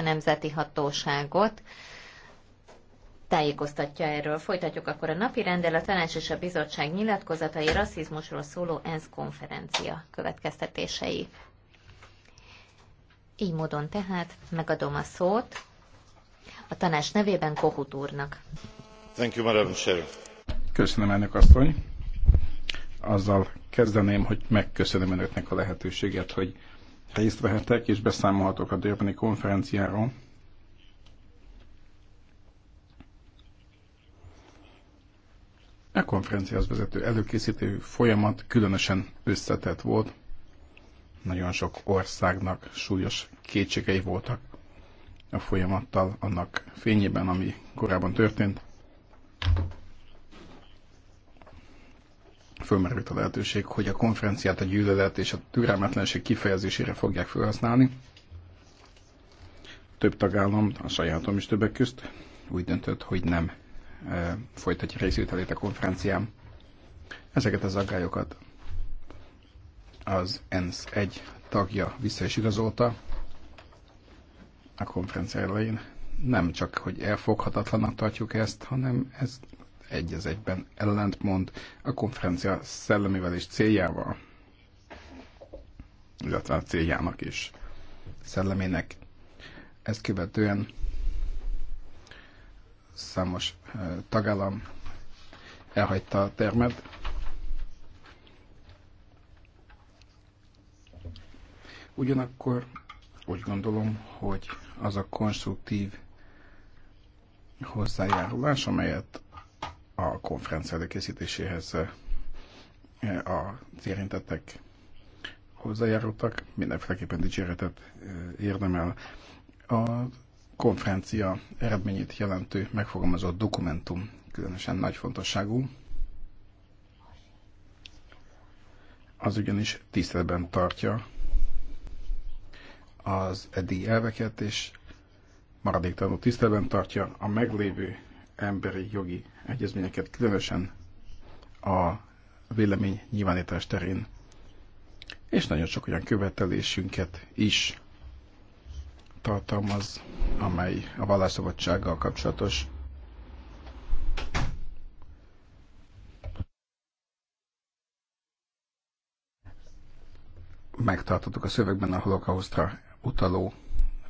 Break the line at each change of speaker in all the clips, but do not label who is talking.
a nemzeti hatóságot tájékoztatja erről. Folytatjuk akkor a napi rendel, a tanács és a bizottság nyilatkozatai rasszizmusról szóló ENSZ konferencia következtetései. Így módon tehát megadom a szót a tanács nevében Kohut úrnak. Thank you, Madam Chair.
Köszönöm, ennek asszony. Azzal kezdeném, hogy megköszönöm önöknek a lehetőséget, hogy részt vehetek és beszámolhatok a Durbani konferenciáról. A e konferenciához vezető előkészítő folyamat különösen összetett volt. Nagyon sok országnak súlyos kétségei voltak a folyamattal annak fényében, ami korábban történt fölmerült a lehetőség, hogy a konferenciát a gyűlölet és a türelmetlenség kifejezésére fogják felhasználni. Több tagállam, a sajátom is többek közt úgy döntött, hogy nem e, folytatja részvételét a konferencián. Ezeket az aggályokat az ENSZ egy tagja vissza is igazolta a konferencia elején. Nem csak, hogy elfoghatatlanak tartjuk ezt, hanem ez egy az egyben ellentmond a konferencia szellemével és céljával, illetve a céljának is szellemének. Ezt követően számos tagállam elhagyta a termet, Ugyanakkor úgy gondolom, hogy az a konstruktív hozzájárulás, amelyet a konferencia előkészítéséhez eh, az érintettek hozzájárultak, mindenféleképpen dicséretet eh, érdemel. A konferencia eredményét jelentő megfogalmazott dokumentum különösen nagy fontosságú. Az ugyanis tiszteletben tartja az eddig elveket, és maradéktalanul tiszteletben tartja a meglévő emberi jogi egyezményeket, különösen a vélemény nyilvánítás terén, és nagyon sok olyan követelésünket is tartalmaz, amely a vallásszabadsággal kapcsolatos. Megtartottuk a szövegben a holokausztra utaló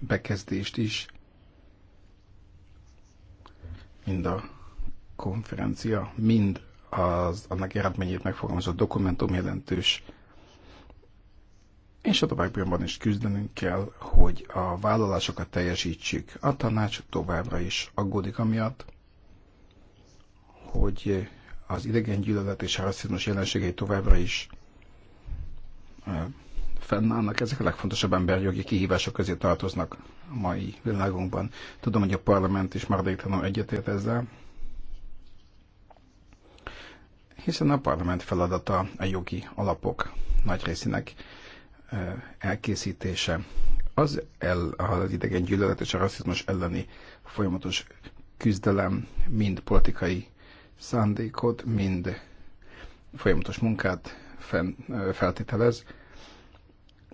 bekezdést is, mind a konferencia mind az annak eredményét megfogalmazott dokumentum jelentős. És a továbbiakban is küzdenünk kell, hogy a vállalásokat teljesítsük. A tanács továbbra is aggódik amiatt, hogy az idegen gyűlölet és a rasszizmus jelenségei továbbra is fennállnak, ezek a legfontosabb emberjogi kihívások közé tartoznak a mai világunkban. Tudom, hogy a parlament is maradéktalanul egyetért ezzel, hiszen a parlament feladata a jogi alapok nagy részének elkészítése. Az, el, az idegen gyűlölet és a rasszizmus elleni folyamatos küzdelem mind politikai szándékot, mind folyamatos munkát feltételez,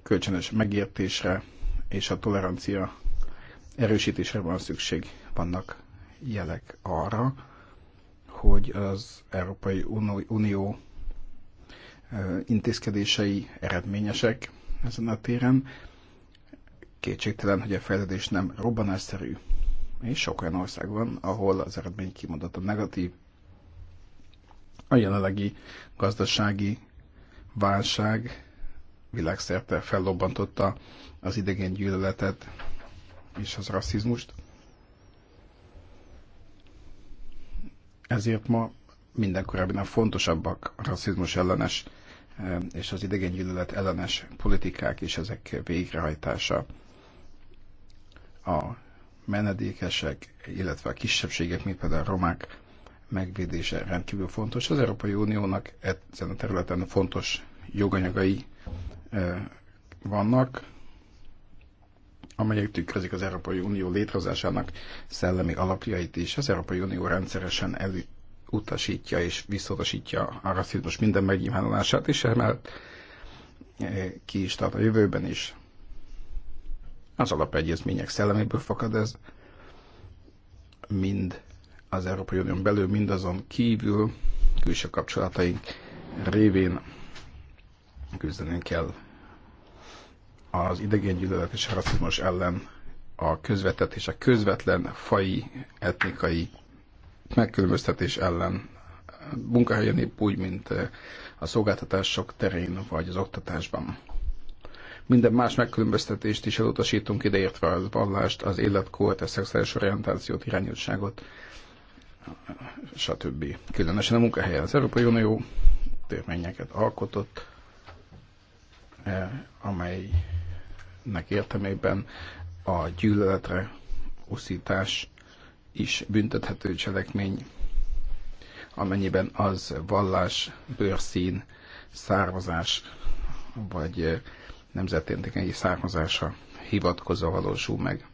kölcsönös megértésre és a tolerancia erősítésre van szükség. Vannak jelek arra, hogy az Európai Unió intézkedései eredményesek ezen a téren. Kétségtelen, hogy a fejlődés nem robbanásszerű, és sok olyan ország van, ahol az eredmény kimondottan negatív. A jelenlegi gazdasági válság világszerte fellobbantotta az idegen gyűlöletet és az rasszizmust. Ezért ma minden korábbinál fontosabbak a rasszizmus ellenes e, és az idegengyűlölet ellenes politikák és ezek végrehajtása. A menedékesek, illetve a kisebbségek, mint például a romák megvédése rendkívül fontos. Az Európai Uniónak ezen a területen fontos joganyagai e, vannak, amelyek tükrözik az Európai Unió létrehozásának szellemi alapjait is. Az Európai Unió rendszeresen elutasítja és visszautasítja a rasszizmus minden megnyilvánulását, és emellett eh, ki is tart a jövőben is. Az alapegyezmények szelleméből fakad ez, mind az Európai Unión belül, mind azon kívül külső kapcsolataink révén küzdenünk kell az idegengyűlölet és rasszizmus ellen a közvetett és a közvetlen fai, etnikai megkülönböztetés ellen munkahelyen épp úgy, mint eh, a szolgáltatások terén vagy az oktatásban. Minden más megkülönböztetést is elutasítunk, ideértve az vallást, az életkort, a szexuális orientációt, irányultságot, stb. Különösen a munkahelyen az Európai Unió törvényeket alkotott, eh, amely nek értelmében a gyűlöletre uszítás is büntethető cselekmény, amennyiben az vallás, bőrszín, származás vagy nemzetértékei származása hivatkozó valósul meg.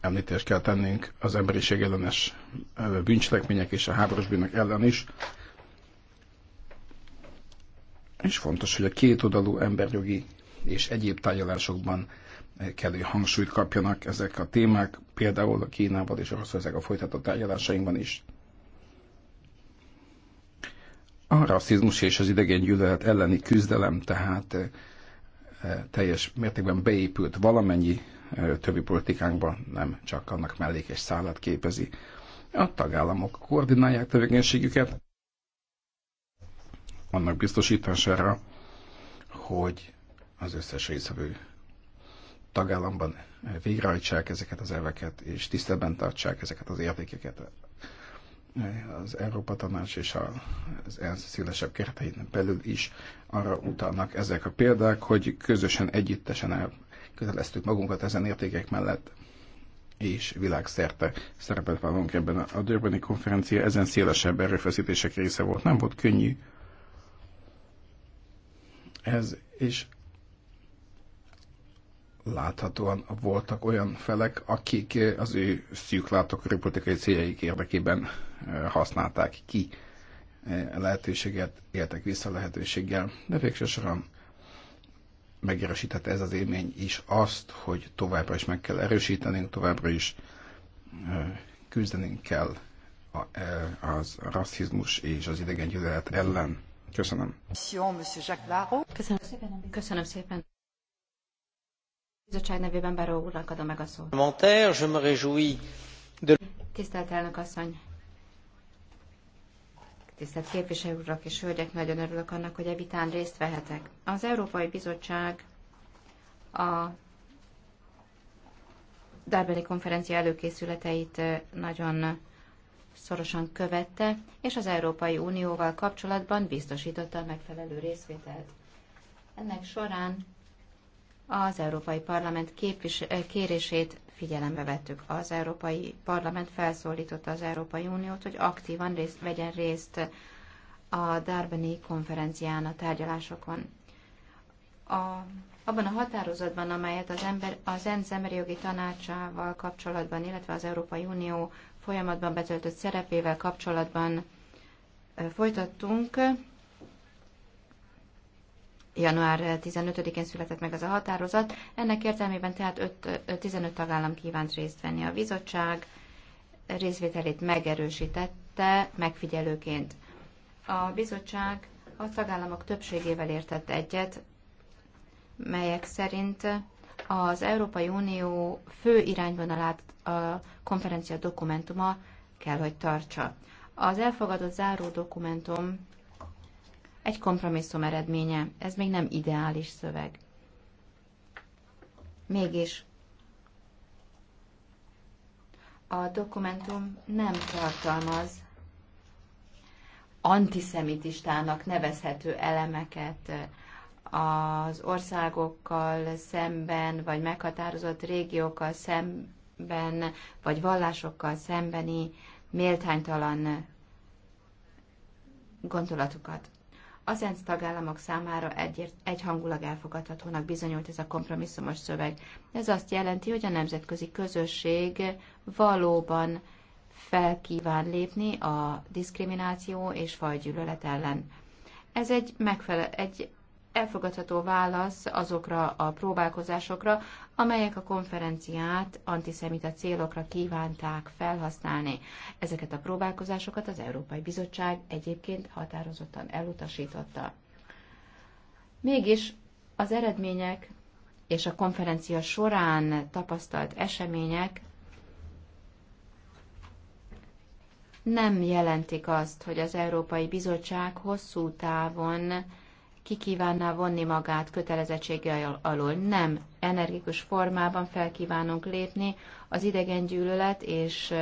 Említést kell tennünk az emberiség ellenes bűncselekmények és a háborús bűnök ellen is, és fontos, hogy a kétoldalú emberjogi és egyéb tárgyalásokban eh, kellő hangsúlyt kapjanak ezek a témák, például a Kínával és a folytatott tárgyalásainkban is. A rasszizmus és az idegen gyűlölet elleni küzdelem tehát eh, eh, teljes mértékben beépült valamennyi többi politikánkba, nem csak annak mellékes szállat képezi. A tagállamok koordinálják tevékenységüket, annak biztosítására, hogy az összes részvevő tagállamban végrehajtsák ezeket az elveket, és tiszteletben tartsák ezeket az értékeket. Az Európa Tanács és az ENSZ szélesebb keretein belül is arra utalnak ezek a példák, hogy közösen, együttesen elköteleztük magunkat ezen értékek mellett, és világszerte szerepet vállalunk ebben a Durbani konferencia, ezen szélesebb erőfeszítések része volt. Nem volt könnyű, ez, és láthatóan voltak olyan felek, akik az ő szűklátokörű politikai céljaik érdekében eh, használták ki eh, lehetőséget, éltek vissza lehetőséggel, de végső soron megerősítette ez az élmény is azt, hogy továbbra is meg kell erősítenünk, továbbra is eh, küzdenünk kell az rasszizmus és az idegen ellen. Köszönöm.
Köszönöm szépen. Köszönöm szépen. Bizottság nevében úrnak adom meg a szót. Tisztelt elnök asszony, tisztelt képviselő urak és hölgyek, nagyon örülök annak, hogy evitán részt vehetek. Az Európai Bizottság a Dárbeli konferencia előkészületeit eh, nagyon szorosan követte, és az Európai Unióval kapcsolatban biztosította a megfelelő részvételt. Ennek során az Európai Parlament képvis- eh, kérését figyelembe vettük. Az Európai Parlament felszólította az Európai Uniót, hogy aktívan részt, vegyen részt a Darbeni konferencián, a tárgyalásokon. A, abban a határozatban, amelyet az, ember, az ENSZ emberi jogi tanácsával kapcsolatban, illetve az Európai Unió folyamatban betöltött szerepével kapcsolatban folytattunk. Január 15-én született meg az a határozat. Ennek értelmében tehát 5, 15 tagállam kívánt részt venni a bizottság, részvételét megerősítette megfigyelőként. A bizottság a tagállamok többségével értett egyet, melyek szerint az Európai Unió fő irányvonalát a konferencia dokumentuma kell, hogy tartsa. Az elfogadott záró dokumentum egy kompromisszum eredménye. Ez még nem ideális szöveg. Mégis a dokumentum nem tartalmaz antiszemitistának nevezhető elemeket, az országokkal szemben, vagy meghatározott régiókkal szemben, vagy vallásokkal szembeni méltánytalan gondolatukat. Az ENSZ tagállamok számára egyért, egyhangulag elfogadhatónak bizonyult ez a kompromisszumos szöveg. Ez azt jelenti, hogy a nemzetközi közösség valóban felkíván lépni a diszkrimináció és fajgyűlölet ellen. Ez egy, megfele- egy elfogadható válasz azokra a próbálkozásokra, amelyek a konferenciát antiszemita célokra kívánták felhasználni. Ezeket a próbálkozásokat az Európai Bizottság egyébként határozottan elutasította. Mégis az eredmények és a konferencia során tapasztalt események nem jelentik azt, hogy az Európai Bizottság hosszú távon ki kívánná vonni magát kötelezettsége alól. Nem, energikus formában felkívánunk lépni az idegen gyűlölet és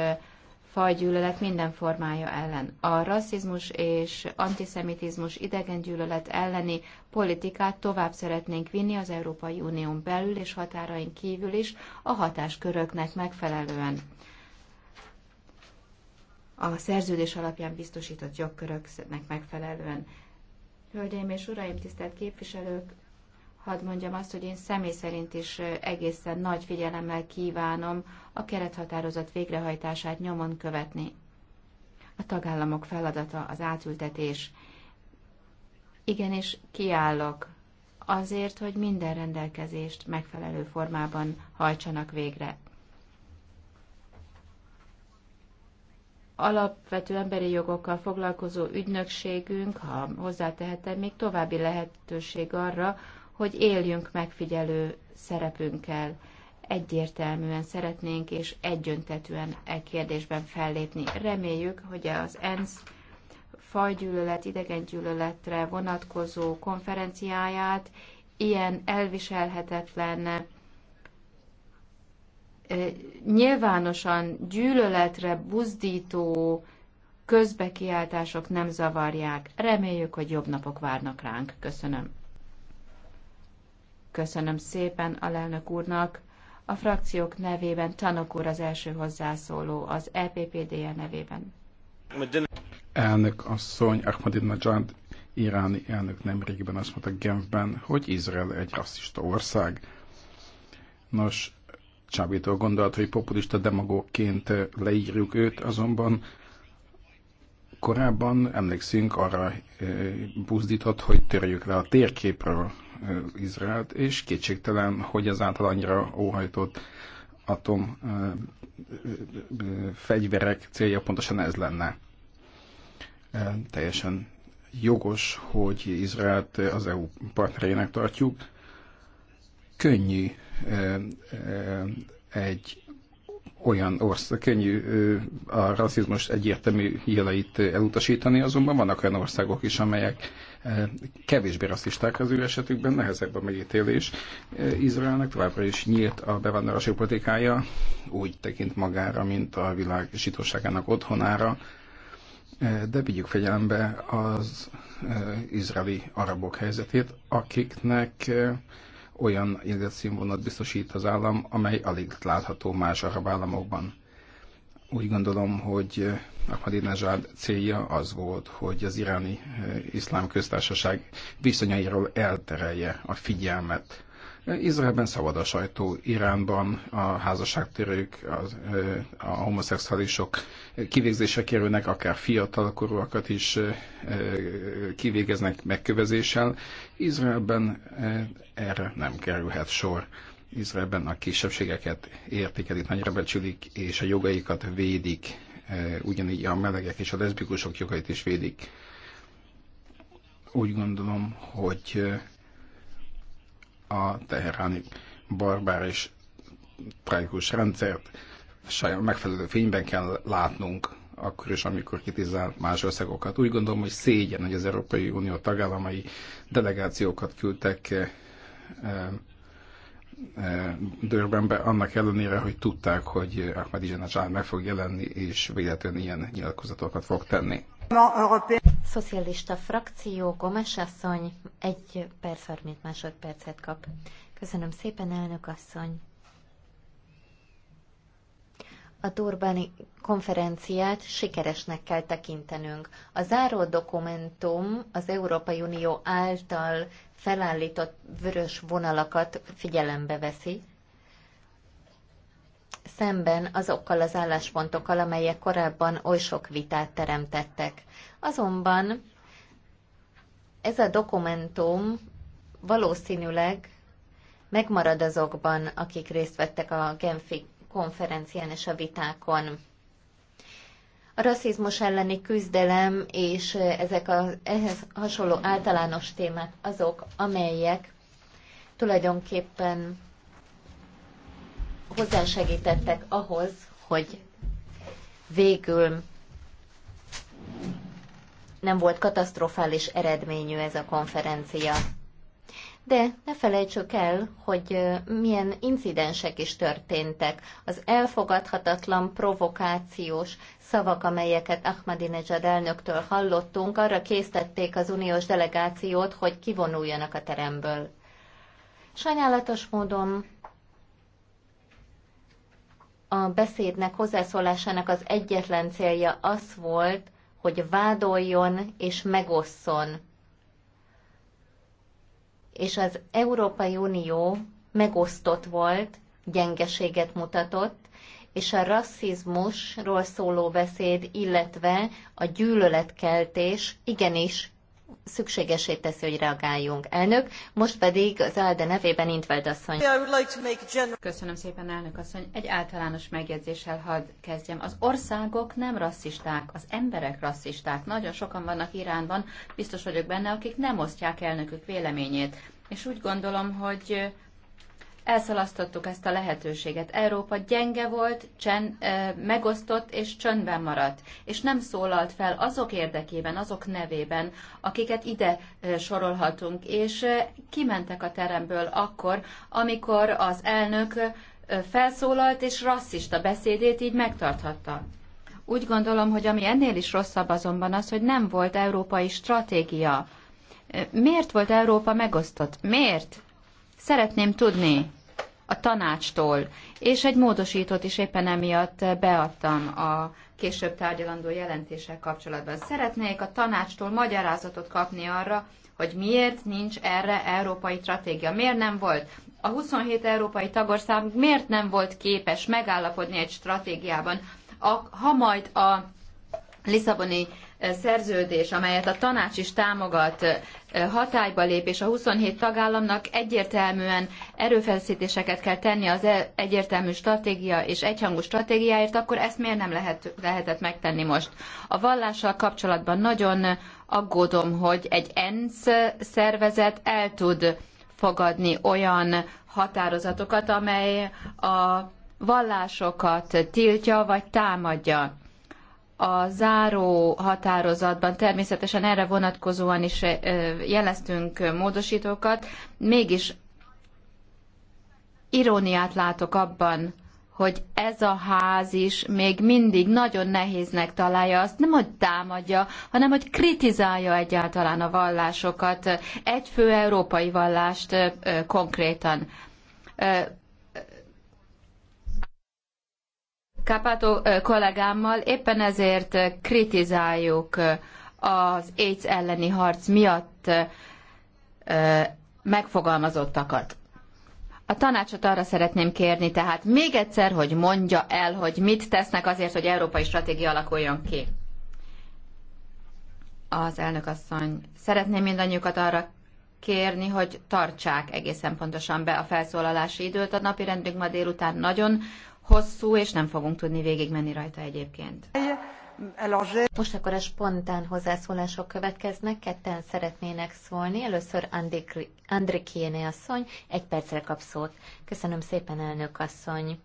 fajgyűlölet minden formája ellen. A rasszizmus és antiszemitizmus gyűlölet elleni politikát tovább szeretnénk vinni az Európai Unión belül és határain kívül is a hatásköröknek megfelelően. A szerződés alapján biztosított jogköröknek megfelelően. Hölgyeim és uraim, tisztelt képviselők, hadd mondjam azt, hogy én személy szerint is egészen nagy figyelemmel kívánom a kerethatározat végrehajtását nyomon követni. A tagállamok feladata az átültetés. Igenis, kiállok azért, hogy minden rendelkezést megfelelő formában hajtsanak végre. alapvető emberi jogokkal foglalkozó ügynökségünk, ha hozzátehetem, még további lehetőség arra, hogy éljünk megfigyelő szerepünkkel. Egyértelműen szeretnénk és egyöntetően e kérdésben fellépni. Reméljük, hogy az ENSZ fajgyűlölet, idegengyűlöletre vonatkozó konferenciáját ilyen elviselhetetlen nyilvánosan gyűlöletre buzdító közbekiáltások nem zavarják. Reméljük, hogy jobb napok várnak ránk. Köszönöm. Köszönöm szépen a lelnök úrnak. A frakciók nevében Tanok úr az első hozzászóló, az eppd EPPD-je nevében.
Elnök asszony Ahmadinejad iráni elnök nemrégben azt mondta Genfben, hogy Izrael egy rasszista ország. Nos, csábító gondolat, hogy populista demagógként leírjuk őt, azonban korábban emlékszünk arra buzdított, hogy törjük le a térképről Izraelt, és kétségtelen, hogy az által annyira óhajtott atom fegyverek célja pontosan ez lenne. Teljesen jogos, hogy Izraelt az EU partnerének tartjuk, könnyű egy olyan ország, könnyű a rasszizmus egyértelmű jeleit elutasítani, azonban vannak olyan országok is, amelyek kevésbé rasszisták az ő esetükben, nehezebb a megítélés. Izraelnek továbbra is nyílt a bevándorlási politikája, úgy tekint magára, mint a világ sítóságának otthonára, de vigyük figyelembe az izraeli arabok helyzetét, akiknek olyan életszínvonalat biztosít az állam, amely alig látható más arab államokban. Úgy gondolom, hogy Ahmadinejad célja az volt, hogy az iráni eh, iszlám köztársaság viszonyairól elterelje a figyelmet Izraelben szabad a sajtó, Iránban a házasságtérők, a, a homoszexuálisok kivégzése kerülnek, akár fiatalkorúakat is kivégeznek megkövezéssel. Izraelben erre nem kerülhet sor. Izraelben a kisebbségeket értékelik, nagyra becsülik, és a jogaikat védik, ugyanígy a melegek és a leszbikusok jogait is védik. Úgy gondolom, hogy a teheráni barbár és tragikus rendszert saját megfelelő fényben kell látnunk, akkor is, amikor kritizál más országokat. Úgy gondolom, hogy szégyen, hogy az Európai Unió tagállamai delegációkat küldtek eh, eh, eh, Dörbenbe, annak ellenére, hogy tudták, hogy Ahmadinejad meg fog jelenni, és véletlenül ilyen nyilatkozatokat fog tenni
szocialista frakció, Gomes asszony, egy perc, 30 másodpercet kap. Köszönöm szépen, elnök asszony. A Durbani konferenciát sikeresnek kell tekintenünk. A záró dokumentum az Európai Unió által felállított vörös vonalakat figyelembe veszi, szemben azokkal az álláspontokkal, amelyek korábban oly sok vitát teremtettek. Azonban ez a dokumentum valószínűleg megmarad azokban, akik részt vettek a Genfi konferencián és a vitákon. A rasszizmus elleni küzdelem és ezek a, ehhez hasonló általános témák azok, amelyek tulajdonképpen hozzásegítettek ahhoz, hogy végül nem volt katasztrofális eredményű ez a konferencia. De ne felejtsük el, hogy milyen incidensek is történtek. Az elfogadhatatlan, provokációs szavak, amelyeket Ahmadinejad elnöktől hallottunk, arra késztették az uniós delegációt, hogy kivonuljanak a teremből. Sajnálatos módon a beszédnek, hozzászólásának az egyetlen célja az volt, hogy vádoljon és megosszon. És az Európai Unió megosztott volt, gyengeséget mutatott, és a rasszizmusról szóló beszéd, illetve a gyűlöletkeltés igenis szükségesé teszi, hogy reagáljunk. Elnök, most pedig az ALDE nevében Intveld asszony.
Köszönöm szépen, elnök asszony. Egy általános megjegyzéssel hadd kezdjem. Az országok nem rasszisták, az emberek rasszisták. Nagyon sokan vannak Iránban, biztos vagyok benne, akik nem osztják elnökük véleményét. És úgy gondolom, hogy elszalasztottuk ezt a lehetőséget. Európa gyenge volt, csen, megosztott és csöndben maradt, és nem szólalt fel azok érdekében, azok nevében, akiket ide sorolhatunk, és kimentek a teremből akkor, amikor az elnök felszólalt és rasszista beszédét így megtarthatta. Úgy gondolom, hogy ami ennél is rosszabb azonban az, hogy nem volt európai stratégia. Miért volt Európa megosztott? Miért? Szeretném tudni a tanácstól, és egy módosítót is éppen emiatt beadtam a később tárgyalandó jelentések kapcsolatban. Szeretnék a tanácstól magyarázatot kapni arra, hogy miért nincs erre európai stratégia, miért nem volt. A 27 európai tagország miért nem volt képes megállapodni egy stratégiában, a, ha majd a Lisszaboni szerződés, amelyet a tanács is támogat, hatályba lép, és a 27 tagállamnak egyértelműen erőfeszítéseket kell tenni az e- egyértelmű stratégia és egyhangú stratégiáért, akkor ezt miért nem lehet, lehetett megtenni most? A vallással kapcsolatban nagyon aggódom, hogy egy ENSZ szervezet el tud fogadni olyan határozatokat, amely a vallásokat tiltja vagy támadja a záró határozatban természetesen erre vonatkozóan is jeleztünk módosítókat, mégis iróniát látok abban, hogy ez a ház is még mindig nagyon nehéznek találja azt, nem hogy támadja, hanem hogy kritizálja egyáltalán a vallásokat, egy fő európai vallást konkrétan Kapato kollégámmal éppen ezért kritizáljuk az AIDS elleni harc miatt megfogalmazottakat. A tanácsot arra szeretném kérni, tehát még egyszer, hogy mondja el, hogy mit tesznek azért, hogy európai stratégia alakuljon ki. Az asszony, szeretném mindannyiukat arra kérni, hogy tartsák egészen pontosan be a felszólalási időt. A napi rendünk ma délután nagyon hosszú, és nem fogunk tudni végigmenni rajta egyébként.
Most akkor a spontán hozzászólások következnek, ketten szeretnének szólni. Először Andri Kéne asszony, egy percre kap szót. Köszönöm szépen, elnök asszony.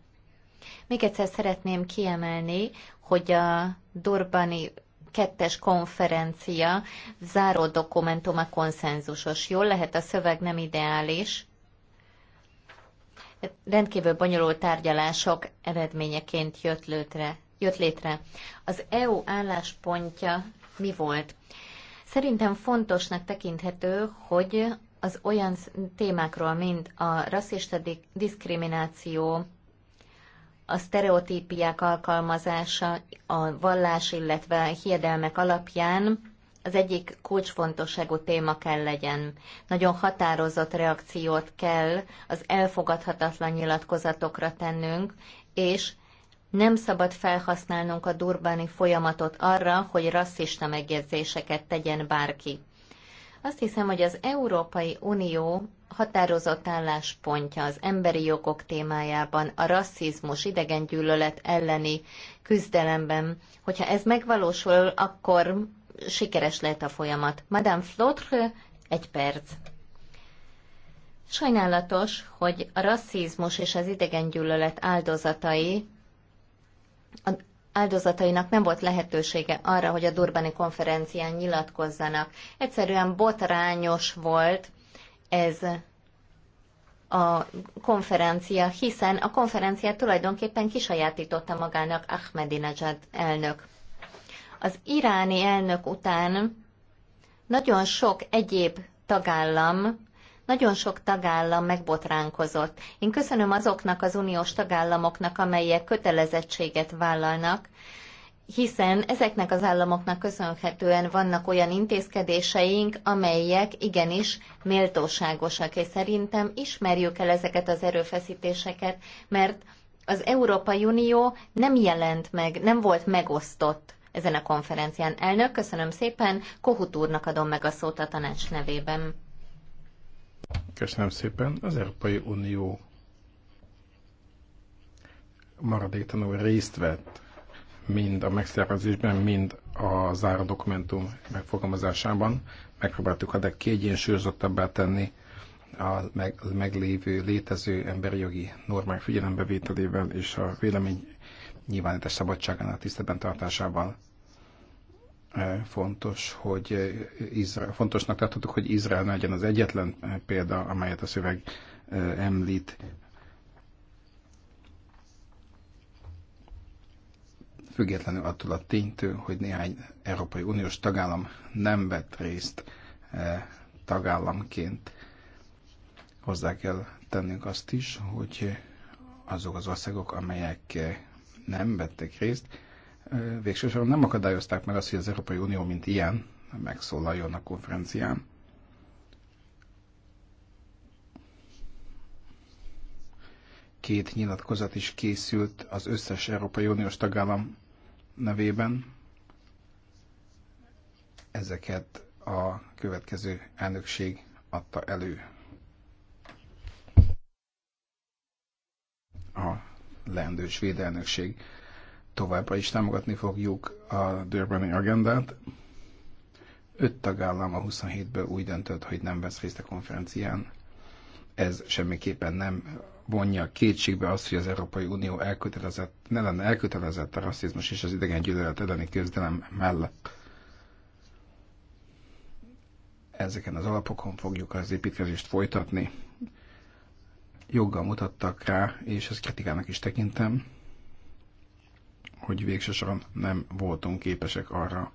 Még egyszer szeretném kiemelni, hogy a Durbani kettes konferencia záró dokumentuma konszenzusos. Jól lehet, a szöveg nem ideális, rendkívül bonyolult tárgyalások eredményeként jött létre. Jött létre. Az EU álláspontja mi volt? Szerintem fontosnak tekinthető, hogy az olyan témákról, mint a rasszista diszkrimináció, a sztereotípiák alkalmazása, a vallás, illetve a hiedelmek alapján az egyik kulcsfontosságú téma kell legyen. Nagyon határozott reakciót kell az elfogadhatatlan nyilatkozatokra tennünk, és nem szabad felhasználnunk a durbáni folyamatot arra, hogy rasszista megjegyzéseket tegyen bárki. Azt hiszem, hogy az Európai Unió határozott álláspontja az emberi jogok témájában, a rasszizmus, idegengyűlölet elleni küzdelemben, hogyha ez megvalósul, akkor sikeres lehet a folyamat. Madame Flotre, egy perc. Sajnálatos, hogy a rasszizmus és az idegengyűlölet áldozatai a áldozatainak nem volt lehetősége arra, hogy a Durbani konferencián nyilatkozzanak. Egyszerűen botrányos volt ez a konferencia, hiszen a konferenciát tulajdonképpen kisajátította magának Ahmedinejad elnök. Az iráni elnök után nagyon sok egyéb tagállam nagyon sok tagállam megbotránkozott. Én köszönöm azoknak az uniós tagállamoknak, amelyek kötelezettséget vállalnak, hiszen ezeknek az államoknak köszönhetően vannak olyan intézkedéseink, amelyek igenis méltóságosak, és szerintem ismerjük el ezeket az erőfeszítéseket, mert az Európai Unió nem jelent meg, nem volt megosztott ezen a konferencián. Elnök, köszönöm szépen, Kohut úrnak adom meg a szót a tanács nevében.
Köszönöm szépen. Az Európai Unió maradéktanul részt vett mind a megszervezésben, mind a záró dokumentum megfogalmazásában. Megpróbáltuk a kiegyensúlyozottabbá tenni a meg, meglévő, létező emberi jogi normák figyelembevételével és a vélemény nyilvánítás szabadságának tiszteben tartásával. E, fontos, hogy Izrael, fontosnak tartottuk, hogy Izrael legyen az egyetlen e, példa, amelyet a szöveg e, említ. Függetlenül attól a ténytől, hogy néhány Európai Uniós tagállam nem vett részt tagállamként. Hozzá kell tennünk azt is, hogy azok az országok, amelyek nem vettek részt, végsősorban nem akadályozták meg azt, hogy az Európai Unió, mint ilyen, megszólaljon a konferencián. Két nyilatkozat is készült az összes Európai Uniós tagállam nevében. Ezeket a következő elnökség adta elő. A leendő svéd elnökség továbbra is támogatni fogjuk a Durbani agendát. Öt tagállam a 27-ből úgy döntött, hogy nem vesz részt a konferencián. Ez semmiképpen nem vonja kétségbe azt, hogy az Európai Unió elkötelezett, ne lenne elkötelezett a rasszizmus és az idegen gyűlölet elleni küzdelem mellett. Ezeken az alapokon fogjuk az építkezést folytatni. Joggal mutattak rá, és ezt kritikának is tekintem, hogy végsősorban nem voltunk képesek arra,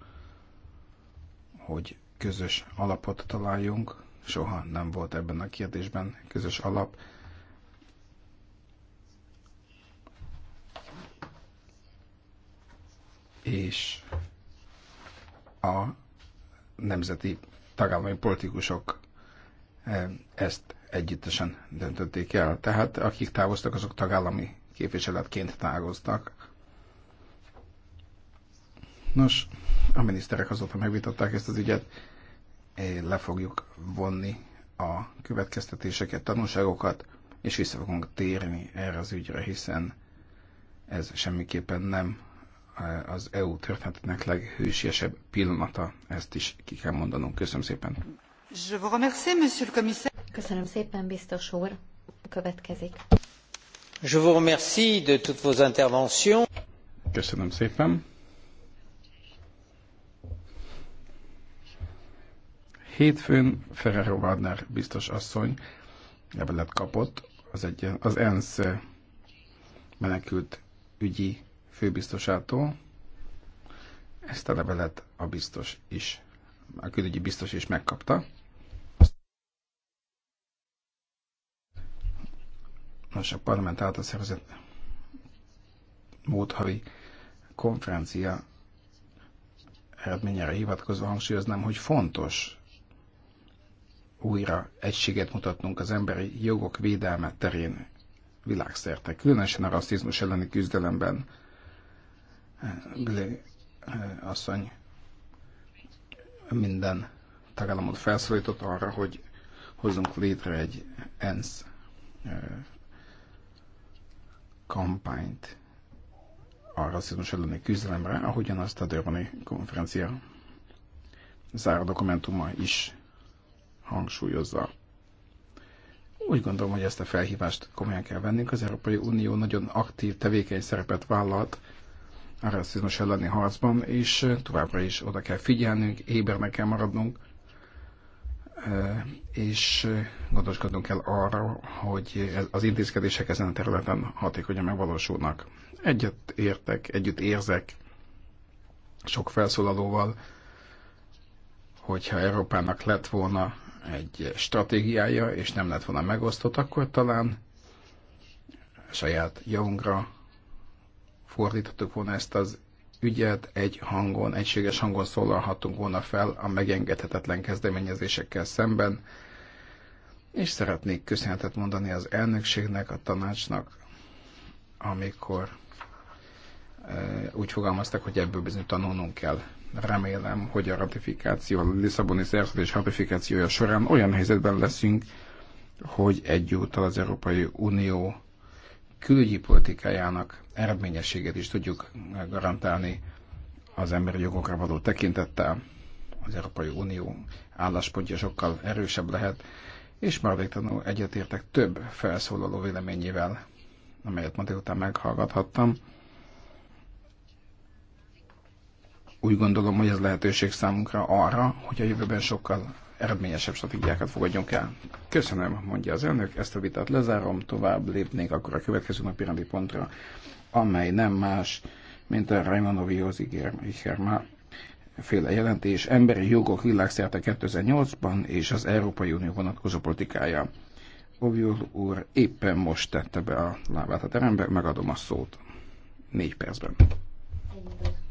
hogy közös alapot találjunk, soha nem volt ebben a kérdésben közös alap. És a nemzeti tagállami politikusok eh, ezt együttesen döntötték el. Tehát akik távoztak, azok tagállami képviseletként távoztak. Nos, a miniszterek azóta megvitatták ezt az ügyet, le fogjuk vonni a következtetéseket, tanulságokat, és vissza fogunk térni erre az ügyre, hiszen ez semmiképpen nem e, az EU történetének leghősiesebb pillanata, ezt is ki kell mondanunk. Köszönöm szépen.
Köszönöm szépen, biztos úr. Következik.
Je vous remercie de toutes vos
interventions.
Köszönöm szépen Hétfőn Ferrero Wagner biztos asszony levelet kapott az, egy, az ENSZ menekült ügyi főbiztosától. Ezt a levelet a biztos is, a külügyi biztos is megkapta. Nos, a parlament által szervezett módhavi konferencia eredményére hivatkozva hangsúlyoznám, hogy fontos újra egységet mutatnunk az emberi jogok védelme terén világszerte, különösen a rasszizmus elleni küzdelemben. Billy eh, asszony minden tagállamot felszólított arra, hogy hozzunk létre egy ENSZ eh, kampányt a rasszizmus elleni küzdelemre, ahogyan azt a Dörbani konferencia zárdokumentuma is hangsúlyozza. Úgy gondolom, hogy ezt a felhívást komolyan kell vennünk. Az Európai Unió nagyon aktív, tevékeny szerepet vállalt a rasszizmus elleni harcban, és továbbra is oda kell figyelnünk, ébernek kell maradnunk, eh, és gondoskodnunk kell arra, hogy az intézkedések ezen a területen hatékonyan megvalósulnak. Egyet értek, együtt érzek sok felszólalóval, hogyha Európának lett volna egy stratégiája, és nem lett volna megosztott, akkor talán saját javunkra fordítottuk volna ezt az ügyet, egy hangon, egységes hangon szólalhatunk volna fel a megengedhetetlen kezdeményezésekkel szemben, és szeretnék köszönetet mondani az elnökségnek, a tanácsnak, amikor eh, úgy fogalmaztak, hogy ebből bizony tanulnunk kell. Remélem, hogy a ratifikáció, a Lisszaboni szerződés ratifikációja során olyan helyzetben leszünk, hogy egyúttal az Európai Unió külügyi politikájának eredményességet is tudjuk garantálni az emberi jogokra való tekintettel. Az Európai Unió álláspontja sokkal erősebb lehet, és maradéktanul egyetértek több felszólaló véleményével, amelyet ma délután meghallgathattam. úgy gondolom, hogy ez lehetőség számunkra arra, hogy a jövőben sokkal eredményesebb stratégiákat fogadjunk el. Köszönöm, mondja az elnök, ezt a vitát lezárom, tovább lépnék akkor a következő napi rendi pontra, amely nem más, mint a Raimanovihoz Igerma féle jelentés, emberi jogok világszerte 2008-ban és az Európai Unió vonatkozó politikája. Oviol úr éppen most tette be a lábát a terembe, megadom a szót. Négy percben.
Ennyi.